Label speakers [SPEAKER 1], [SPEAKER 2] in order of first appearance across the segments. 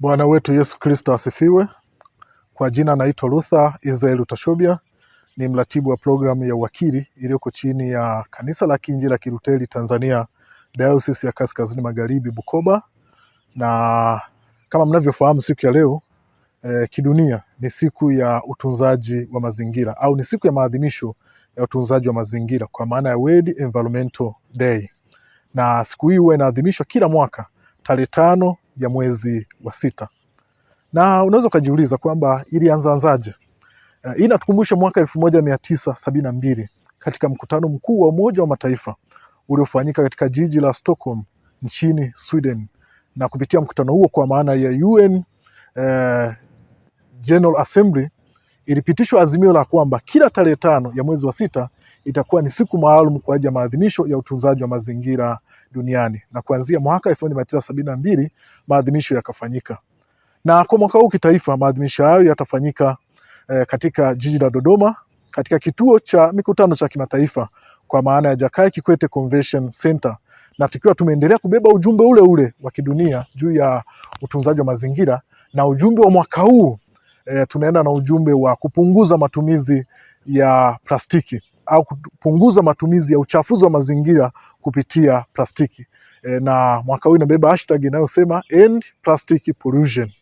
[SPEAKER 1] Bwana wetu Yesu Kristo asifiwe. Kwa jina naitwa Luther Israel Tashobia, ni mratibu wa programu ya uwakili iliyoko chini ya Kanisa la Kiinjili la Kiluteri Tanzania, Dayosisi ya Kaskazini Magharibi, Bukoba. Na kama mnavyofahamu, siku ya leo eh, kidunia ni siku ya utunzaji wa mazingira au ni siku ya maadhimisho ya utunzaji wa mazingira kwa maana ya World Environmental Day, na siku hii huwa inaadhimishwa kila mwaka tarehe tano ya mwezi wa sita. Na unaweza ukajiuliza kwamba ilianzaanzaje? Eh, hii inatukumbusha mwaka elfu moja mia tisa sabini na mbili katika mkutano mkuu wa Umoja wa Mataifa uliofanyika katika jiji la Stockholm nchini Sweden, na kupitia mkutano huo kwa maana ya UN uh, eh, General Assembly ilipitishwa azimio la kwamba kila tarehe tano ya mwezi wa sita itakuwa ni siku maalum kwa ajili ya maadhimisho ya utunzaji wa mazingira duniani, na kuanzia mwaka 1972 maadhimisho yakafanyika, na kwa mwaka huu kitaifa maadhimisho hayo yatafanyika eh, katika jiji la Dodoma katika kituo cha mikutano cha kimataifa kwa maana ya Jakaya Kikwete Convention Center, na tukiwa tumeendelea kubeba ujumbe ule ule wa kidunia juu ya utunzaji wa mazingira, na ujumbe wa mwaka huu e, tunaenda na ujumbe wa kupunguza matumizi ya plastiki au kupunguza matumizi ya uchafuzi wa mazingira kupitia plastiki e, na mwaka huu inabeba hashtag inayosema end plastic pollution.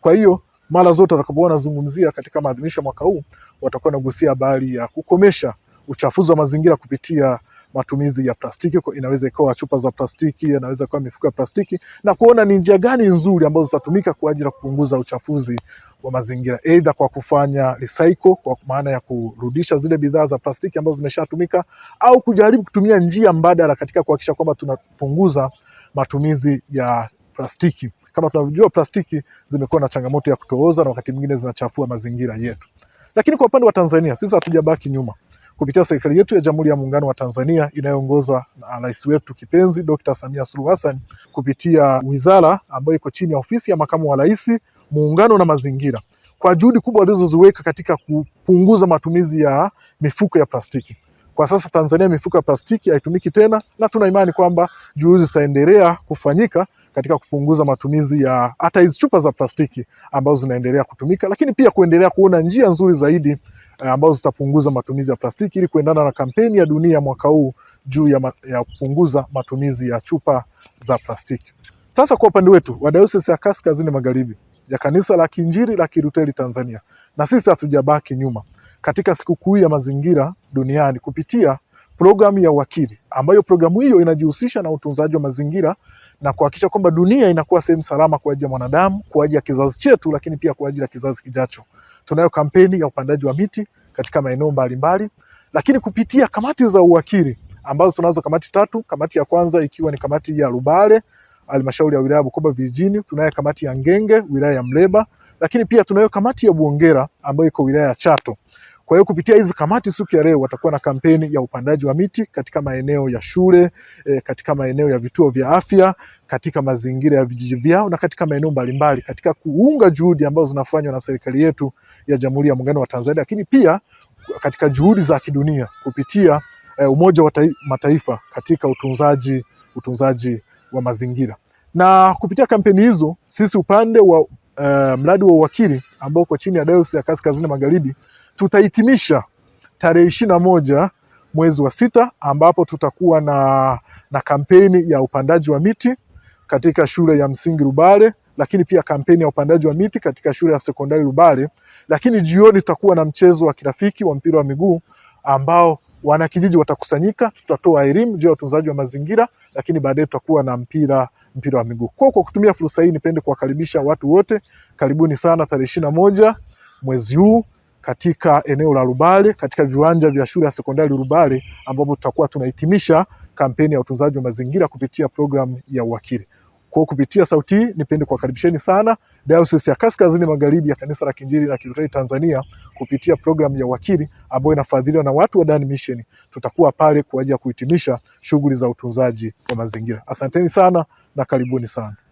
[SPEAKER 1] Kwa hiyo mara zote watakapokuwa wanazungumzia katika maadhimisho ya mwaka huu watakuwa wanagusia habari ya kukomesha uchafuzi wa mazingira kupitia matumizi ya plastiki, kwa inaweza ikawa chupa za plastiki, inaweza kuwa mifuko ya plastiki, na kuona ni njia gani nzuri ambazo zitatumika kwa ajili ya kupunguza uchafuzi wa mazingira, aidha kwa kufanya recycle, kwa maana ya kurudisha zile bidhaa za plastiki ambazo zimeshatumika au kujaribu kutumia njia mbadala katika kuhakikisha kwamba tunapunguza matumizi ya plastiki. Kama tunavyojua plastiki zimekuwa na changamoto ya kutooza na wakati mwingine zinachafua mazingira yetu. Lakini kwa upande wa Tanzania sisi hatujabaki nyuma kupitia serikali yetu ya Jamhuri ya Muungano wa Tanzania inayoongozwa na rais wetu kipenzi Dr. Samia Suluhu Hassan kupitia wizara ambayo iko chini ya ofisi ya makamu wa rais, muungano na mazingira, kwa juhudi kubwa walizoziweka katika kupunguza matumizi ya mifuko ya plastiki. Kwa sasa Tanzania mifuko ya plastiki haitumiki tena, na tuna imani kwamba juhudi zitaendelea kufanyika katika kupunguza matumizi ya hata hizi chupa za plastiki ambazo zinaendelea kutumika, lakini pia kuendelea kuona njia nzuri zaidi Eh, ambazo zitapunguza matumizi ya plastiki ili kuendana na kampeni ya dunia mwaka huu juu ya, ya kupunguza matumizi ya chupa za plastiki. Sasa kwa upande wetu wa Dayosisi ya Kaskazini Magharibi ya Kanisa la Kiinjili la Kilutheri Tanzania, na sisi hatujabaki nyuma katika sikukuu ya mazingira duniani kupitia programu ya Wakili, ambayo programu hiyo inajihusisha na utunzaji wa mazingira na kuhakikisha kwamba dunia inakuwa sehemu salama kwa ajili ya mwanadamu, kwa ajili ya kizazi chetu, lakini pia kwa ajili ya kizazi kijacho. Tunayo kampeni ya upandaji wa miti katika maeneo mbalimbali, lakini kupitia kamati za uwakili ambazo tunazo kamati tatu. Kamati ya kwanza ikiwa ni kamati ya Rubale, halmashauri ya wilaya Bukoba vijijini. Tunayo kamati ya Ngenge, wilaya ya Mleba, lakini pia tunayo kamati ya Buongera ambayo iko wilaya ya Chato. Kwa hiyo kupitia hizi kamati siku ya leo watakuwa na kampeni ya upandaji wa miti katika maeneo ya shule e, katika maeneo ya vituo vya afya, katika mazingira ya vijiji vyao na katika maeneo mbalimbali, katika kuunga juhudi ambazo zinafanywa na serikali yetu ya Jamhuri ya Muungano wa Tanzania, lakini pia katika juhudi za kidunia kupitia e, Umoja wa Mataifa katika utunzaji utunzaji wa mazingira. Na kupitia kampeni hizo sisi upande wa uh, mradi wa uwakili ambao uko chini ya Dayosisi ya Kaskazini Magharibi tutahitimisha tarehe ishirini na moja mwezi wa sita ambapo tutakuwa na, na kampeni ya upandaji wa miti katika shule ya msingi Rubale, lakini pia kampeni ya upandaji wa miti katika shule ya sekondari Rubale. Lakini jioni tutakuwa na mchezo wa kirafiki wa mpira wa miguu ambao wanakijiji watakusanyika, tutatoa elimu juu ya utunzaji wa mazingira, lakini baadaye tutakuwa na mpira mpira wa miguu. Kwa kwa kutumia fursa hii, nipende kuwakaribisha watu wote, karibuni sana tarehe ishirini na moja mwezi huu katika eneo la Rubale katika viwanja vya shule ya sekondari Rubale ambapo tutakuwa tunahitimisha kampeni ya utunzaji wa mazingira kupitia programu ya uwakili. Kwa kupitia sauti hii nipende kuwakaribisheni sana Dayosisi ya Kaskazini Magharibi ya Kanisa la Kiinjili la Kilutheri Tanzania kupitia programu ya uwakili ambayo inafadhiliwa na watu wa Dan Mission. Tutakuwa pale kwa ajili ya kuhitimisha shughuli za utunzaji wa mazingira. Asanteni sana na karibuni sana.